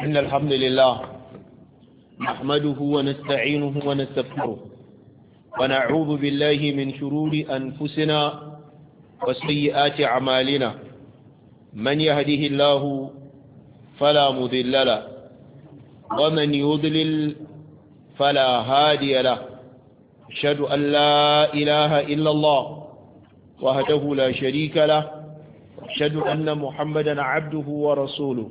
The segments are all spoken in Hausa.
إن الحمد لله نحمده ونستعينه ونستغفره ونعوذ بالله من شرور أنفسنا وسيئات أعمالنا من يهده الله فلا مذل له ومن يضلل فلا هادي له أشهد أن لا إله إلا الله وهده لا شريك له أشهد أن محمدا عبده ورسوله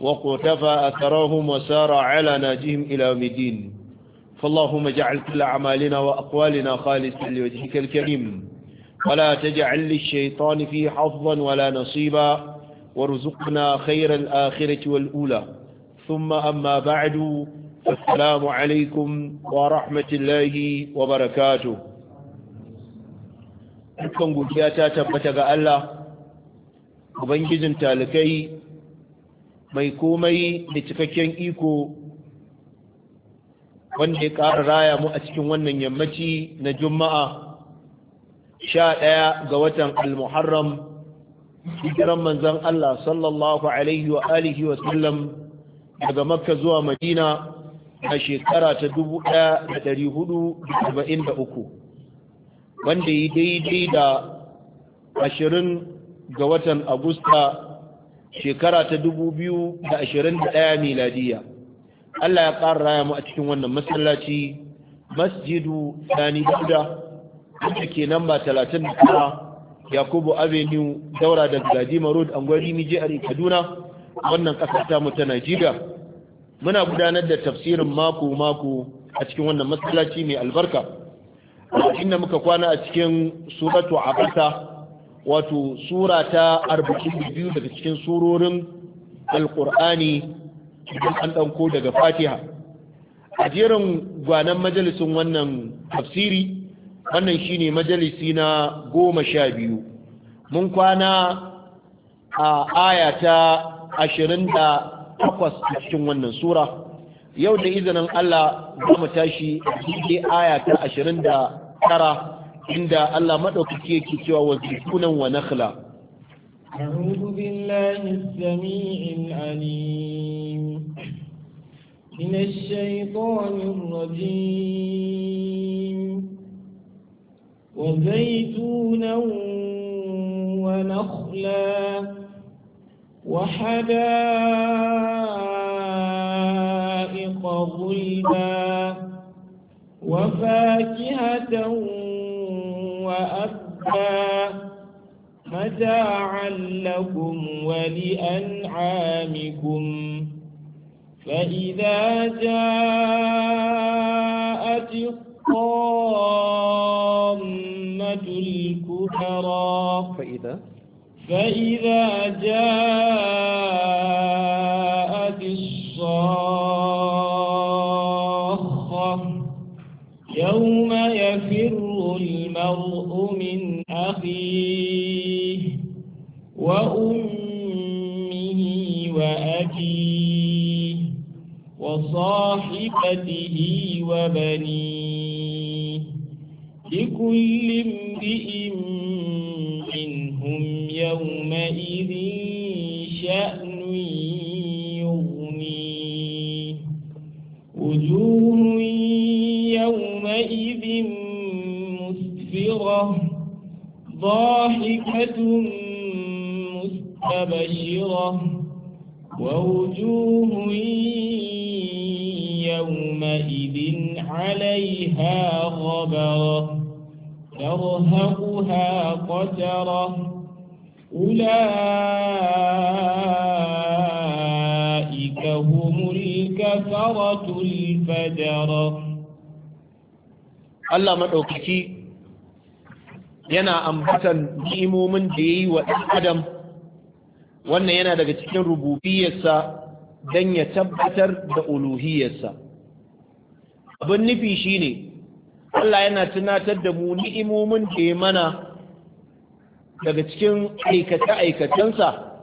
وقتفى أثرهم وسار على ناجهم إلى مدين فاللهم اجعل كل أعمالنا وأقوالنا خالصا لوجهك الكريم ولا تجعل للشيطان فيه حظا ولا نصيبا وارزقنا خير الآخرة والأولى ثم أما بعد السلام عليكم ورحمة الله وبركاته أكون قلت يا تاتا بتغى الله وبنجزم تالكي mai komai da cikakken iko wanda ya ƙara raya mu a cikin wannan yammaci na juma'a sha ɗaya ga watan al-muharram hijiran manzan Allah sallallahu alaihi wa alihi wa sallam daga makka zuwa madina a shekara ta dubu ɗaya da da uku, wanda yi daidai da ashirin ga watan agusta shekara ta da ashirin 2021 miladiya Allah ya ƙara raya mu a cikin wannan masallaci masjidu sani dauda wanda ke da 39 yakubu avenue daura da gadima road anguwar mi jihar kaduna wannan ƙasar mu ta najeriya muna gudanar da tafsirin mako mako a cikin wannan masallaci mai albarka inda muka kwana a cikin suratu abasa wato sura ta biyu daga cikin surorin alkur'ani cikin an ɗanko daga fatiha a jerin gwanan majalisin wannan tafsiri wannan shine majalisi na goma sha biyu mun kwana a aya ta ashirin da takwas a cikin wannan sura yau da izinin allah za mu tashi a aya ta ashirin da tara inda Allah madaukaki yake cewa wa zikunan wa nakhla أعوذ بالله السميع العليم من الشيطان الرجيم وزيتونا ونخلا وحدائق غلبا وفاكهة متاعا لكم ولأنعامكم فإذا جاءت الطامة الكبرى فإذا فإذا جاءت خليفته وبنيه لكل امرئ منهم يومئذ شأن يغنيه وجوه يومئذ مسفرة ضاحكة Allah maɗaukaki yana ambatan ni'imomin da ya yi wa ɗan adam wannan yana daga cikin rububiyarsa don ya tabbatar da uluhiyarsa abin nufi shine Allah yana tunatar da mu ni'imomin da ya mana daga cikin aikace-aikacensa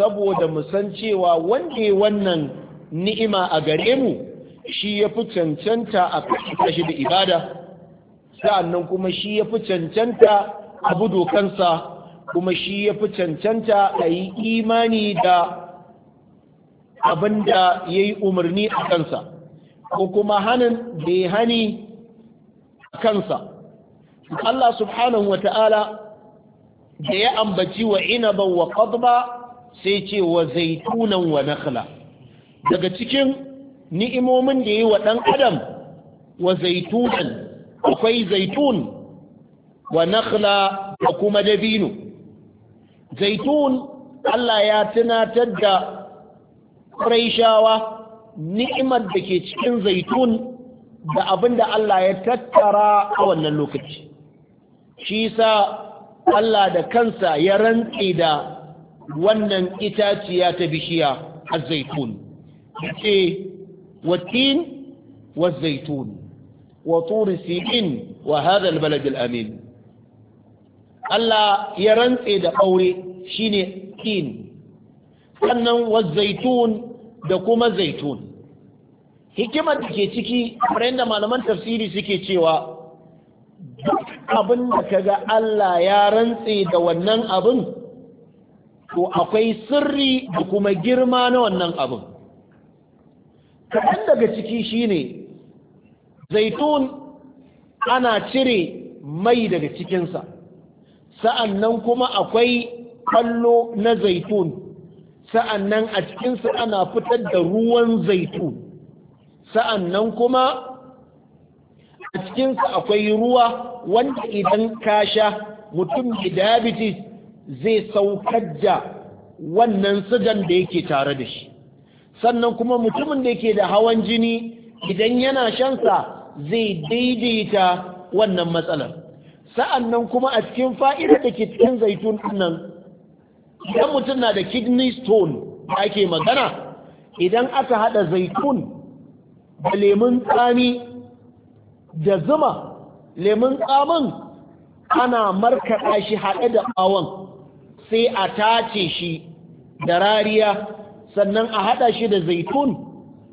saboda mu san cewa wanda wannan ni'ima a gare mu shi ya fi cancanta a kashi da ibada sa'annan kuma shi ya fi cancanta abu kansa, kuma shi ya fi cancanta a yi imani da abin da ya yi umarni a kansa ko kuma hannun da ya hani a kansa Allah subhanahu wa ta'ala da ya ambaci wa inaban wa ba sai ce wa zaitunan wa nakhla daga cikin ni'imomin da yi wa ɗan adam wa zaitunan akwai zaitun wa nakhla da kuma dabino zaitun Allah ya tunatar da Qurayshawa ni'imar da ke cikin zaitun da abin da Allah ya tattara a wannan lokaci shi sa Allah da kansa ya rantse da wannan itaciya ta bishiya a zaitun ce watin wa zaitun وطور سيئين وهذا Allah ya rantse da aure shine شيني Sannan أنه والزيتون دا كما زيتون hikimar da ke ciki kamar da malaman tafsiri suke cewa duk abinda da kaga Allah ya rantse da wannan abin to akwai sirri da kuma girma na wannan abin kaɗan daga ciki shine zaitun ana cire mai daga cikinsa sa'annan kuma akwai kallo na zaitun sa'annan a cikinsa ana fitar da ruwan zaitun sa'annan kuma a cikinsa akwai ruwa wanda idan kasha mutum da diabetes zai saukar da wannan sigan da yake tare da shi sannan kuma mutumin da yake da hawan jini idan yana shansa zai daidaita wannan matsalar sa'annan kuma a cikin fa'ida da ke cikin zaitun nan idan mutum na da kidney stone da ake magana idan aka haɗa zaitun da lemun tsami da zuma lemun tsamin ana markaɗa shi haɗe da ɓawon sai a tace shi da rariya sannan a haɗa shi da zaitun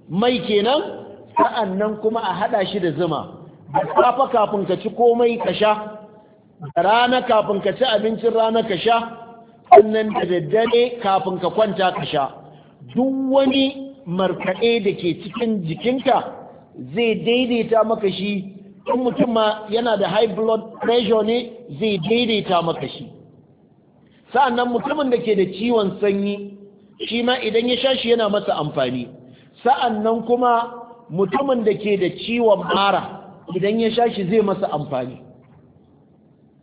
mai kenan sa'annan kuma a haɗa shi da zuma da safa kafin ka ci komai ka sha da rana kafin ka ci abincin rana ka sha sannan da daddare kafin ka kwanta ka sha duk wani markaɗe da ke cikin jikinka zai daidaita maka shi in mutum ma yana da high blood pressure ne zai daidaita maka shi sa'annan mutumin da ke da ciwon sanyi shi ma idan ya sha shi yana masa amfani sa'annan kuma mutumin da ke da ciwon mara idan ya sha shi zai masa amfani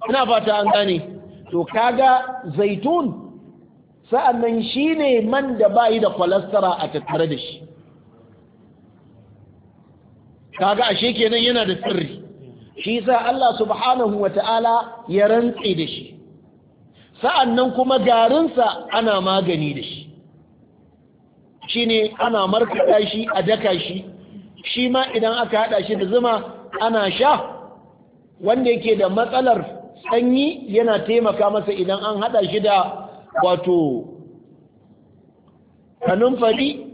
ina fata an gane to kaga zaitun sa'annan shi ne man da bayi da kwalastara a tattare da shi kaga ashe kenan yana da sirri shi sa Allah subhanahu wa ta'ala ya rantse da shi sa'annan kuma garinsa ana magani da shi shi ne ana markaɗa shi a daka shi shi ma idan aka haɗa shi da zuma ana sha wanda yake da matsalar sanyi yana taimaka masa idan an haɗa shi da wato kanunfari,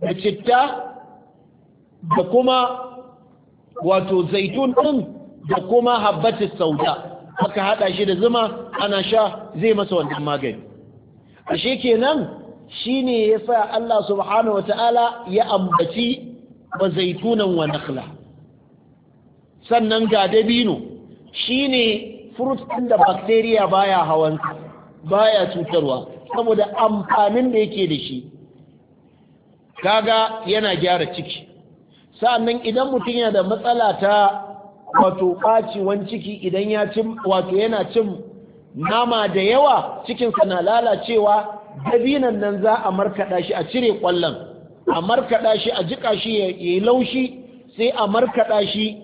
da citta da kuma wato zaitun ɗin da kuma habbatis sauda aka haɗa shi da zuma ana sha zai masa wannan magani ashe kenan Shi ne ya sa Allah subhanahu wataala ya ambaci wa zaitunan wa nakhla sannan ga dabino shine ne ɗin da bakteriya baya hawan baya cutarwa saboda amfanin da yake da shi kaga yana gyara ciki sannan idan mutum yana da matsala ta wato ɓaciwan ciki idan ya cin wato yana cin nama da yawa cikinsa na lalacewa dabinan nan za a markaɗa shi a cire ƙwallon a markaɗa shi a jiƙa shi ya yi laushi sai a markaɗa shi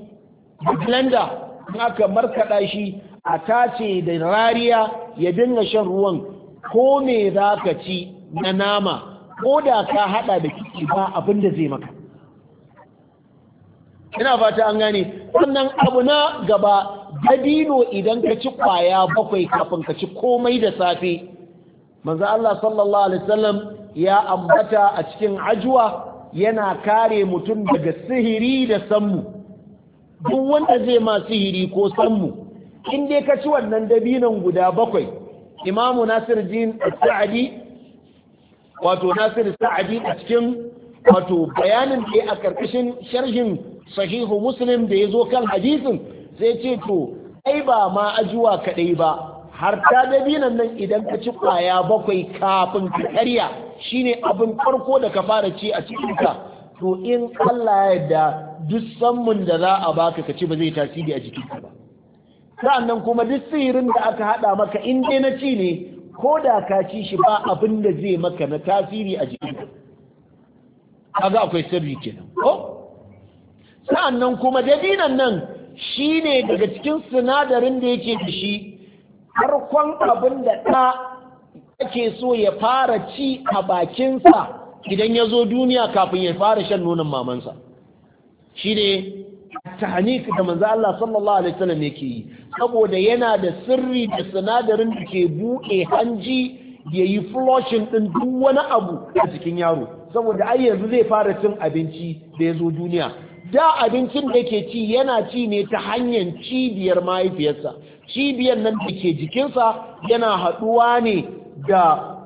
da blender in aka markaɗa shi a tace da rariya ya dinga shan ruwan ko me za ka ci na nama ko da ka haɗa da kiki ba abin da zai maka ina fata an gane wannan abu na gaba dabino idan ka ci kwaya bakwai kafin ka ci komai da safe manzo Allah sallallahu alaihi wasallam ya ambata a cikin ajwa yana kare mutum daga sihiri da sammu duk wanda zai ma sihiri ko sammu in dai ka ci wannan dabinan guda bakwai imamu nasir sa'adi wato nasir sa'adi a cikin wato bayanin da a karkashin sharhin sahihu muslim da ya zo kan hadisin sai ce to ai ba ma ajuwa kadai ba har ta dabinan nan idan ka ci kwaya bakwai kafin ka karya shine abin farko da ka fara ci a cikin ka to in Allah ya yarda duk sammun da za a baka ka ci ba zai tasiri a jikin ka ba sa'annan kuma duk sihirin da aka hada maka in dai na ci ne ko da ka ci shi ba abin da zai maka na tasiri a jikin ka kaga akwai sirri kenan ko sa'annan kuma dabinan nan shine daga cikin sinadarin da yake da shi farkon abin da ɗa ake so ya fara ci a bakinsa idan ya zo duniya kafin ya fara shan nonon mamansa shi ne tahanik da manza Allah sallallahu alaihi wasallam yake yi saboda yana da sirri da sinadarin da ke buɗe hanji ya yi flushing ɗin duk wani abu a cikin yaro saboda ai yanzu zai fara cin abinci da ya zo duniya da abincin da yake ci yana ci ne ta hanyar cibiyar mahaifiyarsa Cibiyar nan da ke jikinsa yana haɗuwa ne da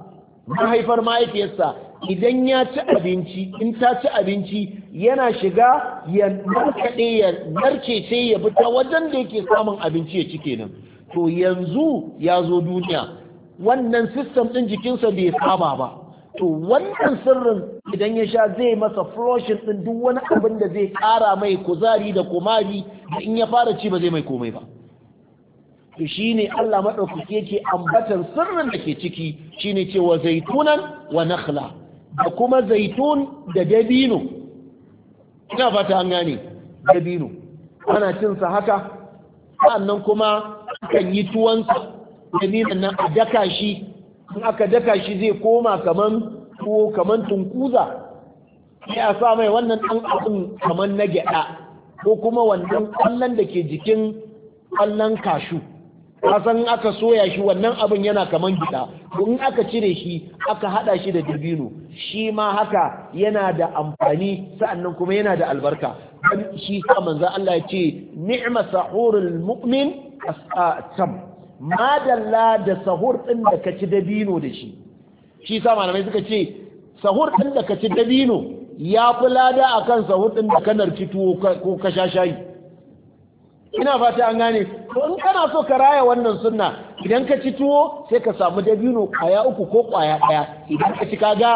mahaifar mahaifiyarsa idan ya ci abinci in ta ci abinci yana shiga ya narkaɗe ya narke ce ya bi ta wajen da yake samun abinci ya ci kenan to yanzu ya zo duniya wannan sistem ɗin jikinsa bai saba ba to wannan sirrin idan ya sha zai masa flushing ɗin duk wani abin da zai ƙara mai kuzari da kumari da in ya fara ci ba zai mai komai ba to ne Allah maɗaukaki yake ambatar sirrin da ke ciki shine cewa zaitunan wa nakhla da kuma zaitun da dabino ina fata an gane dabino ana cin sa haka sannan kuma kan yi tuwansa dabinon nan a daka shi in aka daka shi zai koma kaman tuwo kaman tunkuza sai a sa mai wannan ɗan abin kaman na gyaɗa ko kuma wannan ƙwallon da ke jikin ƙwallon kashu kasan aka soya shi wannan abin yana kaman gida in aka cire shi aka hada shi da dabino shi ma haka yana da amfani sa'annan kuma yana da albarka dan shi sa manzo Allah ya ce ni'ma sahurul mu'min as'atam madalla da sahur din da ka ci dabino da shi shi sa malamai suka ce sahur din da ka ci dabino ya fi lada akan sahur din da ka narki tuwo ko ka shayi ina fata an gane to in kana so ka raya wannan sunna idan ka ci tuwo sai ka samu dabino kwaya uku ko kwaya daya idan ka ci kaga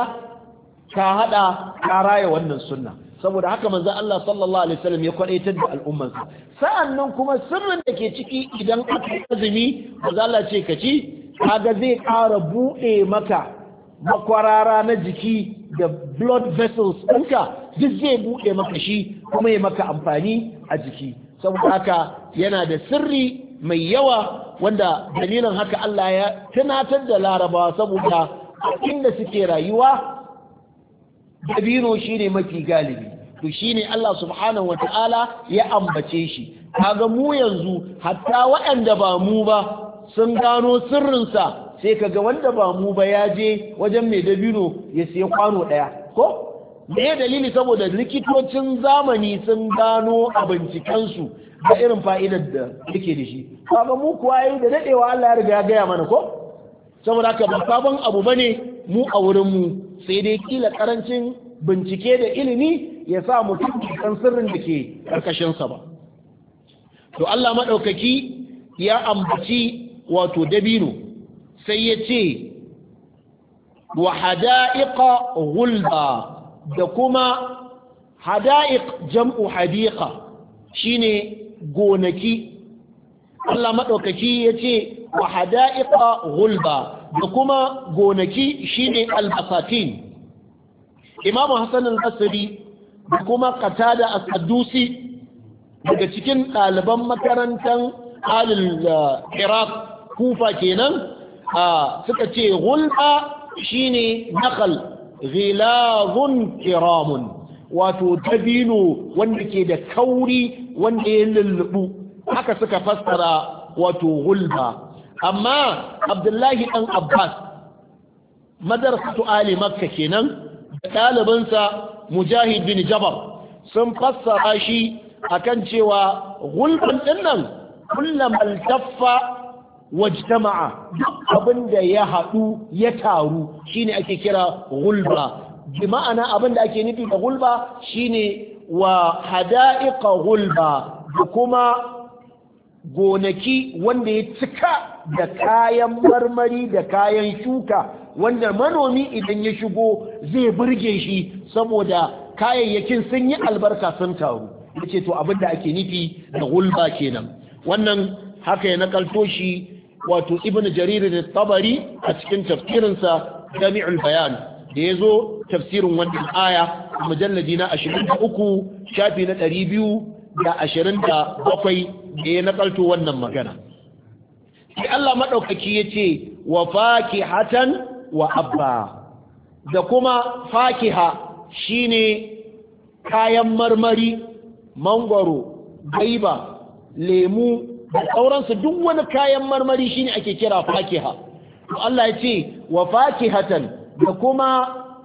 ka hada ka raya wannan sunna saboda haka manzo Allah sallallahu alaihi wasallam ya kwadaitar da sa sa'annan kuma sirrin da ke ciki idan aka azumi manzo Allah ce ka ci kaga zai ƙara buɗe maka makwarara na jiki da blood vessels ɗinka duk zai buɗe maka shi kuma ya maka amfani a jiki saboda haka yana da sirri mai yawa wanda dalilin haka Allah ya tunatar da larabawa saboda inda suke rayuwa dabino shine mafi galibi to shine Allah subhanahu wataala ya ambace shi kaga mu yanzu hatta waɗanda ba mu ba sun gano sirrinsa sai kaga wanda ba mu ba ya je wajen mai dabino ya siya kwano ɗaya ko me ya dalili saboda likitocin zamani sun gano a bincikensu da irin fa'idar da yake da shi kaga mu kuwa yi da daɗewa Allah ya riga ya gaya mana ko saboda haka ba sabon abu bane mu a wurin mu sai dai kila karancin bincike da ilimi ya sa mutum kan sirrin da ke karkashin ba to Allah maɗaukaki ya ambaci wato dabino sai ya ce wa hada'iqa ghulba da kuma hada'iq jam'u hadiqa shine gonaki Allah madaukaki yace wa hada'iqa gulba da kuma gonaki shine albasatin Imam Hassan al-Basri da kuma Qatada as-Saddusi daga cikin ɗaliban makarantar halin eh, Iraq Kufa kenan ah, suka ce gulba shine nakal ghilazun kiramun wato dabino wanda ke da kauri wanda ya lullubu haka suka fassara wato gulba amma abdullahi dan abbas madrasatu ali makka kenan da ɗalibinsa mujahid bin jabar sun fassara shi akan cewa gulban din nan kullum altaffa wajtama'a duk abin da ya haɗu ya taru shine ake kira gulba bi ma'ana abin da ake nufi da gulba shine wa hada'iqa gulba da kuma gonaki wanda ya cika da kayan marmari da kayan shuka wanda manomi idan ya shigo zai burge shi saboda kayayyakin sun yi albarka sun taru yace to abin da ake nufi da gulba kenan wannan haka ya nakalto shi wato ibn jarir tabari a cikin tafsirinsa jami'ul bayan da ya zo tafsirin wannan aya a mujallaji na 23 shafi na 200 da 27 da ya nakalto wannan magana sai Allah maɗaukaki ya ce wa fakihatan wa abba da kuma fakiha shine kayan marmari mangwaro gaiba lemu da sauransu duk wani kayan marmari shine ake kira fakiha To Allah ya ce wa fakihatan da kuma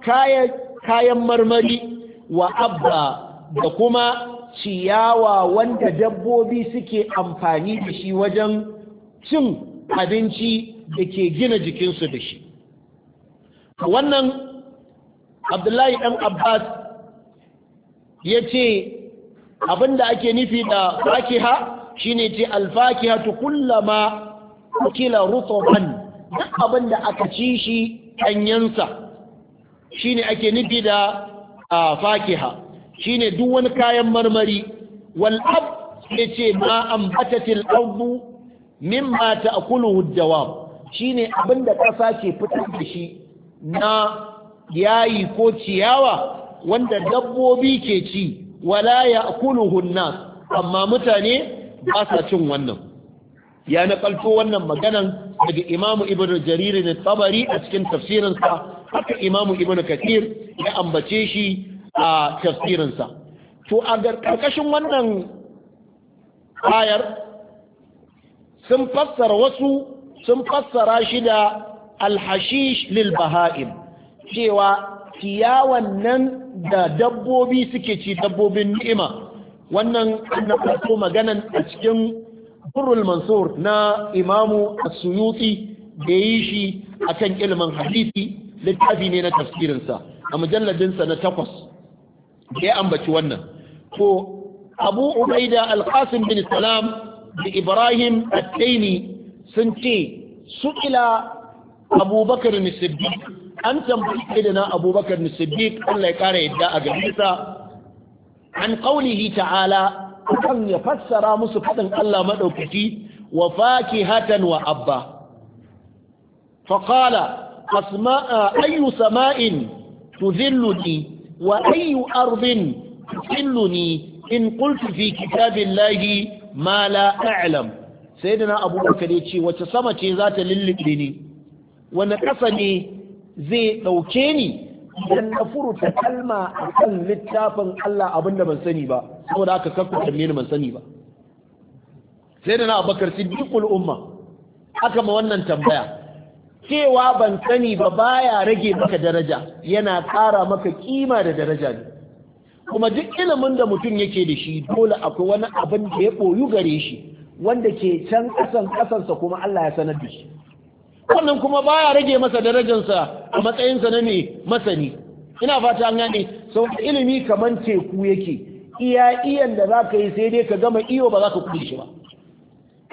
kayan marmari wa abba da kuma ciyawa wanda dabbobi suke amfani da shi wajen cin abinci da ke gina jikinsu da shi wannan abdullahi ɗan abbas ya ce abinda ake nufi da fakiha shine ce alfakihatu kullama kila rutuban duk abin da aka ci shi ɗanyensa shine ake nufi da fakiha shine duk wani kayan marmari wal ne ce ma min ardu a ta'kuluhu ad Shi shine abin da ƙasa ke fitar da shi na yayi ko ciyawa wanda dabbobi ke ci wala ya an-nas amma mutane ba sa cin wannan ya nakalto wannan maganan daga imamu ibn jarir ne tabari a cikin tafsirinsa haka imamu ibn kathir ya ambace shi a tafsirinsa to a karkashin wannan ayar sun fassara wasu sun fassara shi da alhashish lil baha'im cewa ciyawan nan da dabbobi suke ci dabbobin ni'ima wannan na ɗauko maganan a cikin burul mansur na imamu asuyuti da yi shi a kan ilimin hadisi littafi ne na tafsirinsa a mujalladinsa na takwas da ya ambaci wannan ko abu ubaida alkasim bin salam da ibrahim attaini sun ce su'ila abubakar siddiq an tambayi da na abubakar siddiq allah ya kara yadda a gabisa an qaulihi ta'ala kan ya fassara musu fadin Allah madaukaki wa fakihatan wa abba فقال أسماء أي سماء تذلني وأي أرض تذلني إن قلت في كتاب الله ما لا أعلم سيدنا أبو بكر يتشي وتسمى ذات للبني ونقصني زي لوكيني idan na furuta kalma a kan littafin Allah abin da ban sani ba saboda aka kafa tambaye ni ban sani ba sai da na abakar siddiqul umma aka ma wannan tambaya cewa ban sani ba baya rage maka daraja yana ƙara maka kima da daraja ne kuma duk ilimin da mutum yake da shi dole akwai wani abin da ya boyu gare shi wanda ke can ƙasan ƙasansa kuma Allah ya sanar da shi wannan kuma baya rage masa darajarsa a matsayinsa na mai masani ina fata an gane sau ilimi kamar teku yake iya iyan da za ka yi sai dai ka gama iyo ba za ka kuɗi shi ba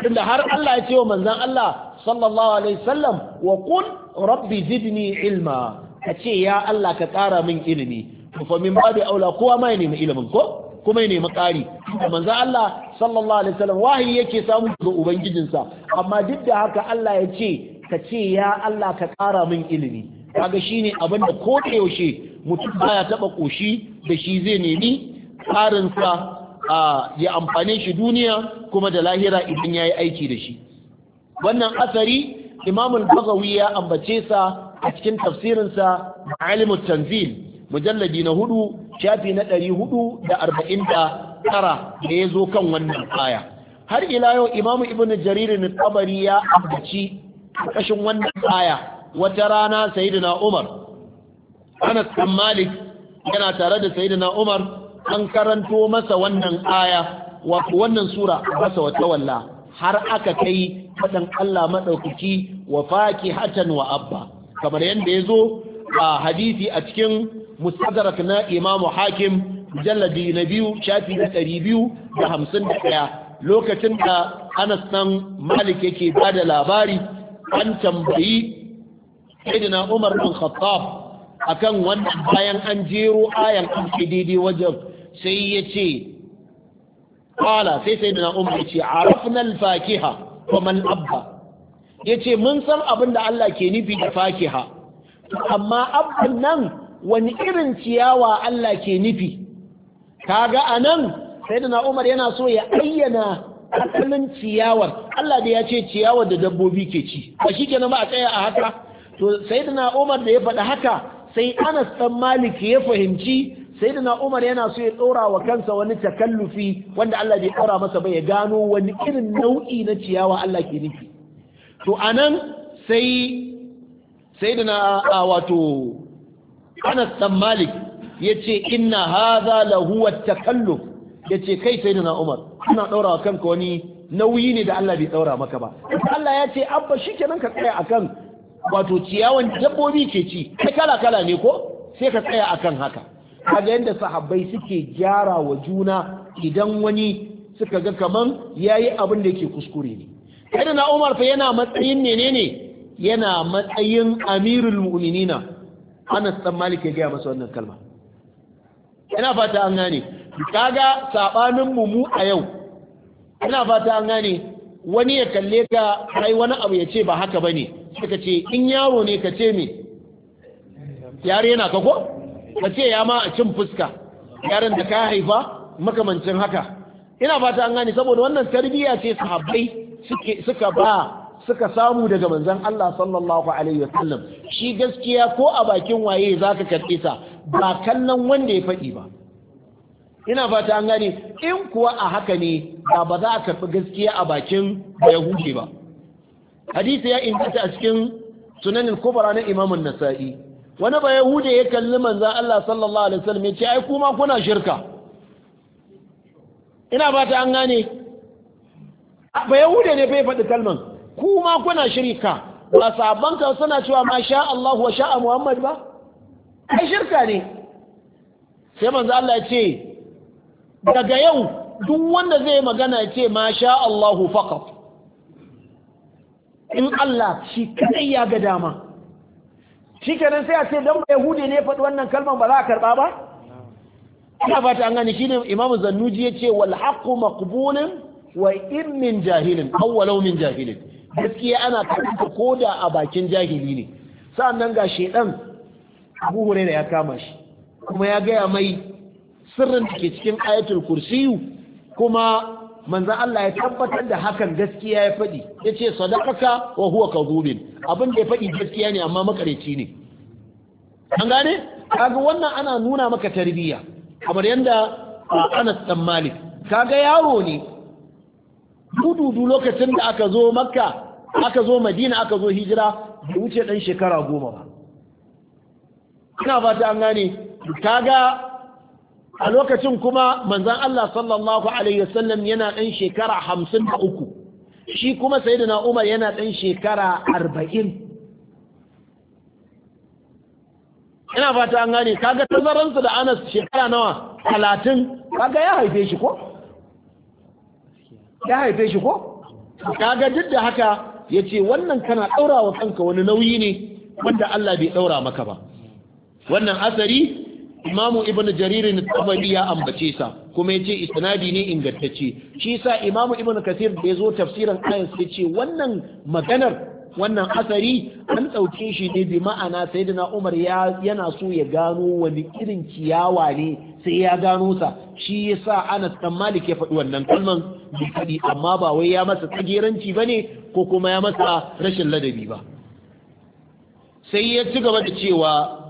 tunda har Allah ya ce wa manzan Allah sallallahu alaihi wasallam wa qul rabbi zidni ilma ka ce ya Allah ka tsara min ilimi fa min babu aula kowa ma ya nemi ilimin ko kuma ya nemi ƙari Manzan Allah sallallahu alaihi wasallam wahayi yake samu daga ubangijinsa amma duk da haka Allah ya ce ka ce ya Allah ka ƙara min ilimi kaga ne abin da ko da yaushe mutum baya taɓa ƙoshi da shi zai nemi ƙarinsa a ya amfane shi duniya kuma da lahira idan ya yi aiki da shi wannan asari Imam al ya ambace sa a cikin tafsirinsa Ma'alim tanzil mujalladi na hudu shafi na ɗari hudu da arba'in da tara da ya zo kan wannan aya har ila yau imamu ibn jaririn na tabari ya ambaci ƙarƙashin wannan aya wata rana sayyidina Umar Anas bin Malik yana tare da sayyidina Umar an karanto masa wannan aya wato wannan sura masa wata walla har aka kai fadan Allah madaukaki wa fakihatan wa abba kamar yanda yazo a hadisi a cikin mustadrak na Imam Hakim mujalladi na biyu shafi na ɗari biyu da hamsin da ɗaya lokacin da Anas nan Malik yake ba da labari an tambayi sayyidina Umar bin Khattab akan wannan bayan an jero ayan an daidai wajen sai ya ce qala sai sayyidina Umar ya ce arafna al-fakiha wa man abba yace mun san abin da Allah ke nufi da fakiha amma abban nan wani irin ciyawa Allah ke nufi kaga anan sayyidina Umar yana so ya ayyana asalin ciyawar Allah da ya ce ciyawar da dabbobi ke ci ba shi kenan ba a tsaya a haka to sayyidina Umar da ya faɗi haka sai Anas dan Malik ya fahimci sayyidina Umar yana so ya ɗora wa kansa wani takallufi wanda Allah bai ɗora masa ba ya gano wani irin nau'i na ciyawa Allah ke nufi to nan sai sayyidina wato Anas dan Malik ya ce inna haza lahu takalluf ya ce kai sai na umar suna ɗaura wa kanka wani nauyi ne da Allah bai ɗaura maka ba Allah ya ce abba shi kenan ka tsaya a kan, wato ciyawan dabbobi ke ci kai kala kala ne ko sai ka tsaya a kan haka kaga yadda sahabbai suke gyara wa juna idan wani suka ga kaman yayi abin da yake kuskure ne kai na umar fa yana matsayin menene yana matsayin amirul mu'minina Anas dan Malik ya gaya masa wannan kalma yana fata an gane kaga sabanin mu mu a yau ina fata an gane wani ya kalle ka kai wani abu ya ce ba haka bane sai ka ce in yaro ne ka ce me yare yana ka ko ka ce ya ma a cin fuska yaron da ka haifa makamancin haka ina fata an gane saboda wannan tarbiyya ce sahabbai suka ba suka samu daga manzon Allah sallallahu alaihi wasallam shi gaskiya ko a bakin waye zaka karɓe ba kallon wanda ya faɗi ba ina fata an gane in kuwa a haka ne da ba za a karɓi gaskiya a bakin da yahudi ba hadisi ya inganta a cikin sunanin kubra na imamun nasa'i wani ba hude ya kalli manza Allah sallallahu alaihi wasallam ya ce ai kuma kuna shirka ina fata an gane ba hude ne bai faɗi kalman kuma kuna shirka ba sabon ka suna cewa ma sha Allah wa sha'a Muhammad ba ai shirka ne sai manzo Allah ya ce daga yau duk wanda zai magana ya ce ma sha Allahu faqat in Allah shi kadai ya ga dama shi kenan sai a ce dan hude ne faɗi wannan kalmar ba za a karɓa ba ina fata an gani shine imamu zannuji yace wal haqqu maqbulun wa in min jahilin awwalau min jahilin gaskiya ana karɓa ko da a bakin jahili ne nan ga shedan Abu Hurairah ya kama shi kuma ya gaya mai sirrin da ke cikin ayatul kursiyu kuma manzan Allah ya tabbatar da hakan gaskiya ya faɗi ya ce sadakaka wa huwa kadhubin abin da ya faɗi gaskiya ne amma makareci ne an gane kaga wannan ana nuna maka tarbiyya kamar yadda Anas dan Malik kaga yaro ne dududu lokacin da aka zo Makka aka zo Madina aka zo hijira bai wuce ɗan shekara goma ba ina fata an gane kaga a lokacin kuma manzan Allah sallallahu Alaihi wasallam yana ɗan shekara hamsin da uku shi kuma sai da Umar yana ɗan shekara arba'in ina fata an gane kaga tazaransu da anas shekara nawa talatin kaga ya haife shi ko? ya haife shi ko? kaga duk da haka ya ce wannan kana ɗaura wa kanka wani nauyi ne wanda Allah bai ɗaura maka ba wannan asari imamu ibn jaririn tabari ya ambace sa kuma ya ce isnadi ne ingantacce shi sa imamu ibn kasir da zo tafsirin ayan sai ce wannan maganar wannan asari an dauke shi ne bi ma'ana sayyidina umar ya yana so ya gano wani irin ciyawa ne sai ya gano sa shi yasa Anas dan Malik ya faɗi wannan kalman bi amma ba wai ya masa tsageranci ne ko kuma ya masa rashin ladabi ba sai ya ci gaba da cewa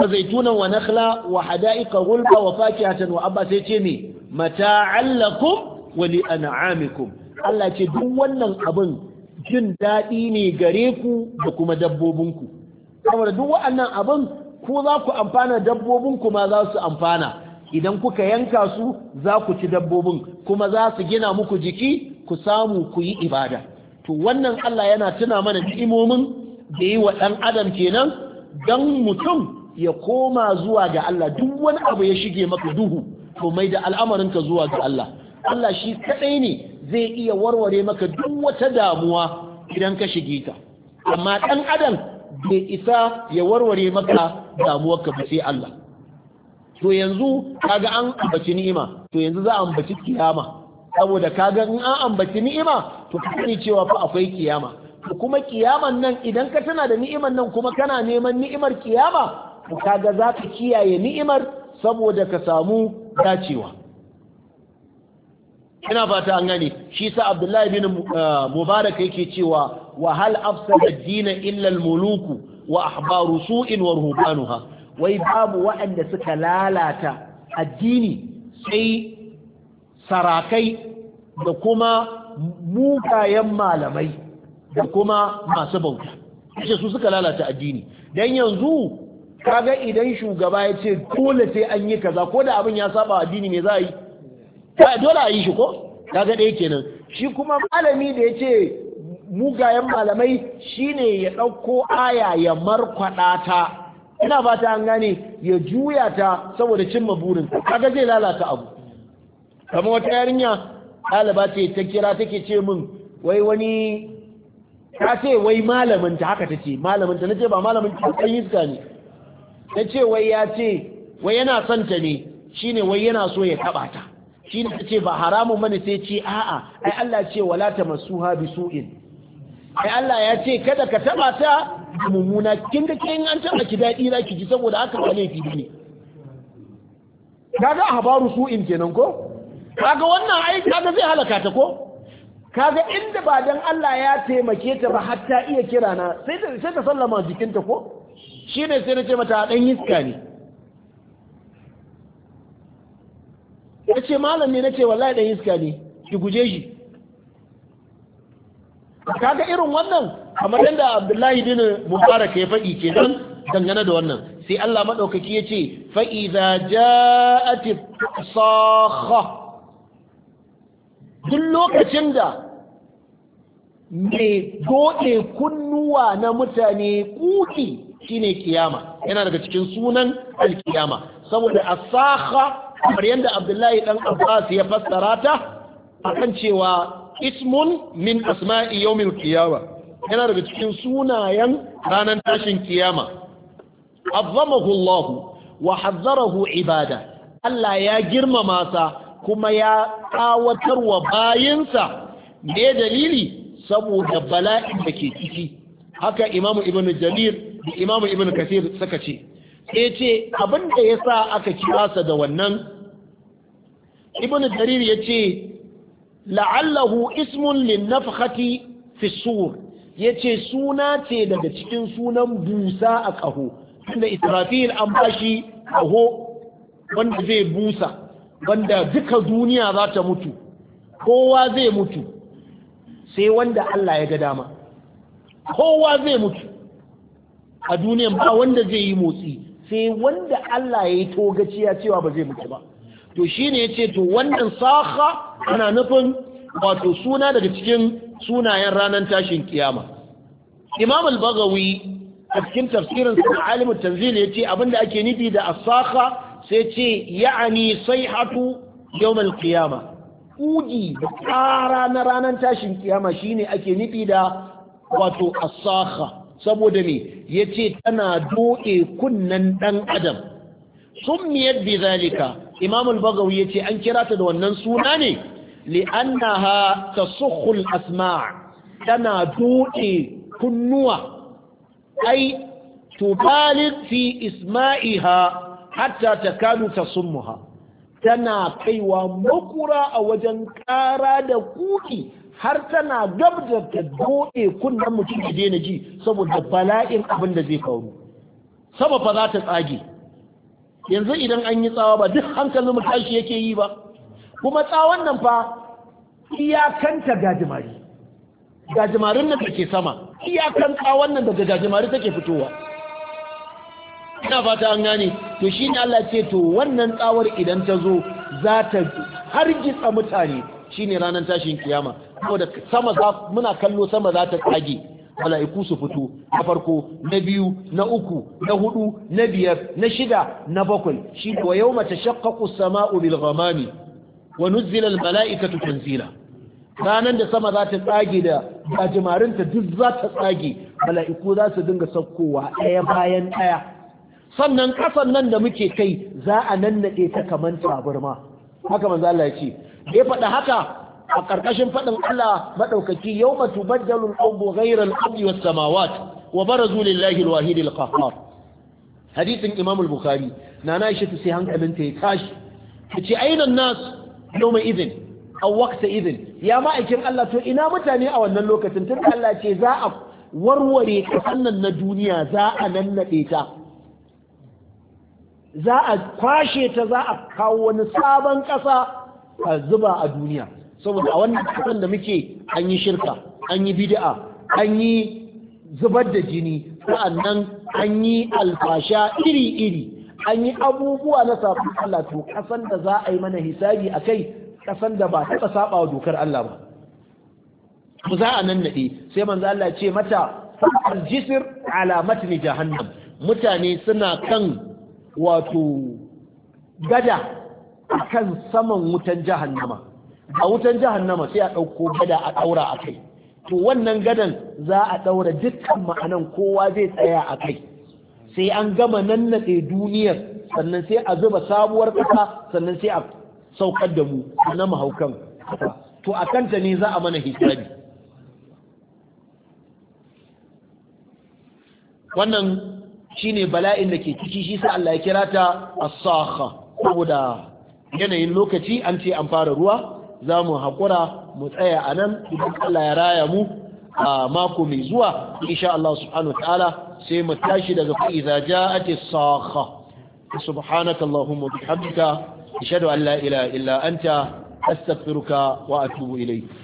wa zaitunan wa nakhla wa hada'iqa gulba wa fakihatan wa abba sai ce me mata'an lakum wa li an'amikum Allah ce duk wannan abin jin daɗi ne gare ku da kuma dabbobin ku. saboda duk wa'annan abin ku za ku amfana dabbobinku ma za su amfana idan kuka yanka su za ku ci dabbobin kuma za su gina muku jiki ku samu ku yi ibada to wannan Allah yana tuna mana ni'imomin da yi wa ɗan adam kenan dan mutum ya koma zuwa ga Allah duk wani abu ya shige maka duhu to mai da al'amarinka zuwa ga Allah Allah shi kadai ne zai iya warware maka duk wata damuwa idan ka shige ta amma dan adam bai isa ya warware maka damuwarka ba sai Allah to yanzu kaga an ambaci ni'ima to yanzu za a ambaci kiyama saboda kaga in an ambaci ni'ima to ka sani cewa fa akwai kiyama kuma kiyaman nan idan ka tana da ni'iman nan kuma kana neman ni'imar kiyama kaga za ka kiyaye ni'imar saboda ka samu dacewa ina fata an gane shi sa abdullahi bin eh, mubarak yake cewa wa hal afsada dina illa al-muluku wa ahbaru su'in wa ruhbanuha wai babu waɗanda suka lalata addini sai sarakai da kuma mugayen malamai da kuma masu bauta ce su suka lalata addini don yanzu kaga idan shugaba ya ce dole sai an yi kaza ko da abin ya saba addini me za a yi dole a yi shi ko kaga ɗaya kenan shi kuma malami da ya ce mugayen malamai shine ya ɗauko aya ya markwaɗa ta ina ba ta an gane ya juya ta saboda cimma burin kaga zai lalata abu kama wata yarinya ɗaliba ce ta kira take ce min wai wani ta ce wai malamin haka ta ce malamin na ce ba malamin ta ɗan iska ne na ce wai ya ce wai yana son ta ne ne wai yana so ya taba ta ne ta ce ba haramun mani sai ce a'a ai Allah ce wala ta su in? ai Allah ya ce kada ka taba ta mummuna kin ga kin an taba ki dadi ki ji saboda haka ba laifi ne kaga su su'in kenan ko kaga wannan ai kaga zai halaka ta ko kaga inda ba dan Allah ya taimake ta ba hatta iya kirana sai ta sallama jikinta ko shi ne sai na ce mata a ɗan iska ne ya ce malam ne na ce wallahi ɗan iska ne ki guje shi kaga irin wannan kamar yadda abdullahi bin mubarak ya faɗi ke nan dangane da wannan sai allah maɗaukaki ya ce fa'iza ja'ati saha duk lokacin da mai goɗe kunnuwa na mutane kuki shine kiyama yana daga cikin sunan alkiyama saboda asaha kamar yadda abdullahi dan abbas ya fassara ta akan cewa ismun min asma'i yawmil qiyama yana daga cikin sunayen ranar tashin kiyama azzamahu Allah wa hazzarahu ibada Allah ya girmama sa kuma ya kawatarwa bayinsa ne dalili saboda bala'in da ke ciki haka imamu ibnu Jalil. da imamu ibn kasir saka ce sai ce abin da ya sa aka kirasa da wannan ibn jarir ya ce la'allahu ismun linnafhati fi sur ya ce suna ce daga cikin sunan busa a ƙaho tunda israfil an bashi ƙaho wanda zai busa wanda duka duniya za ta mutu kowa zai mutu sai wanda Allah ya ga dama kowa zai mutu a duniyan ba wanda zai yi motsi sai wanda Allah ya yi togaciya cewa ba zai mutu ba to shine ya ce to wannan saha ana nufin wato suna daga cikin sunayen ranar tashin kiyama imam al-bagawi a cikin tafsirin sa alimul tanzil ya ce abinda ake nufi da asaka sai ce ya'ani saihatu yawmal qiyama kuji da ƙara na ranar tashin kiyama shine ake nufi da wato asaka saboda me yace tana doɗe kunnen ɗan adam summiyar bi zalika imam al-bagawi yace an kira ta da wannan suna ne li'annaha tasukhu asma'a asma tana doɗe kunnuwa ai tubalig fi isma'iha hatta takadu tasummuha tana kaiwa makura a wajen ƙara da kuki har tana gab da ta doɗe kunnen mutum da daina ji saboda bala'in abin da zai faru sama fa za ta tsage yanzu idan an yi tsawa ba duk hankalin mutashi yake yi ba kuma tsawon nan fa iyakanta gajimari gajimarin nan take sama iyakan tsawon nan daga gajimari take fitowa ina fata an gane to shi ne Allah ce to wannan tsawar idan ta zo za ta hargitsa mutane shine ranar tashin kiyama saboda sama za muna kallo sama za ta tsage mala'iku su fito na farko na biyu na uku na hudu na biyar na shida na bakwai shi wa yau mata as-sama'u bil ghamami wa nuzila mala'ikatu tanzila Ranar da sama za ta tsage da bajimarinta duk za ta tsage mala'iku za su dinga saukowa ɗaya bayan ɗaya sannan ƙasan nan da muke kai za a nannaɗe ta kamar taburma haka manzo Allah ya ce ya faɗa haka a ƙarƙashin faɗin Allah maɗaukaki yau ma tubaddalu al-ardu ghayra al-ardi was samawat wa barazu lillahi al-wahid al-qahhar Imam al-Bukhari nana Aisha ta sai ta ya tashi tace aina nas yawma idhin aw waqta idhin ya ma'aikin Allah to ina mutane a wannan lokacin tun Allah ce za a warware kasan na duniya za a nannade ta za a kwashe ta za a kawo wani sabon ƙasa a zuba a duniya saboda a wannan ƙasan da muke an yi shirka an yi bid'a an yi zubar da jini sa'annan an yi alfasha iri-iri an yi abubuwa na sabon Allah to ƙasan da za a yi mana hisabi a kai ƙasan da ba taɓa saba wa dokar Allah ba ku za a nan naɗe sai manzo Allah ce mata fa'al jisr ala matni jahannam mutane suna kan wato gada a kan saman wutan jahannama a wutan jahannama sai a ɗauko gada a ɗaura a kai to wannan gadan za a ɗaura dukkan ma'anan kowa zai tsaya a kai sai an gama nannaɗe duniyar sannan sai a zuba sabuwar ƙasa sannan sai a saukar da mu na mahaukan to a kanta ne za a mana hisabi wannan shine bala'in da ke ciki shi sa Allah ya kira ta as-sakha saboda yanayin lokaci an ce an fara ruwa za mu haƙura mu tsaya a nan idan Allah ya raya mu a mako mai zuwa insha Allah subhanahu ta'ala sai mu tashi daga fa idza ja'at as-sakha subhanaka allahumma bihamdika ashhadu an la ilaha illa anta astaghfiruka wa atubu ilayk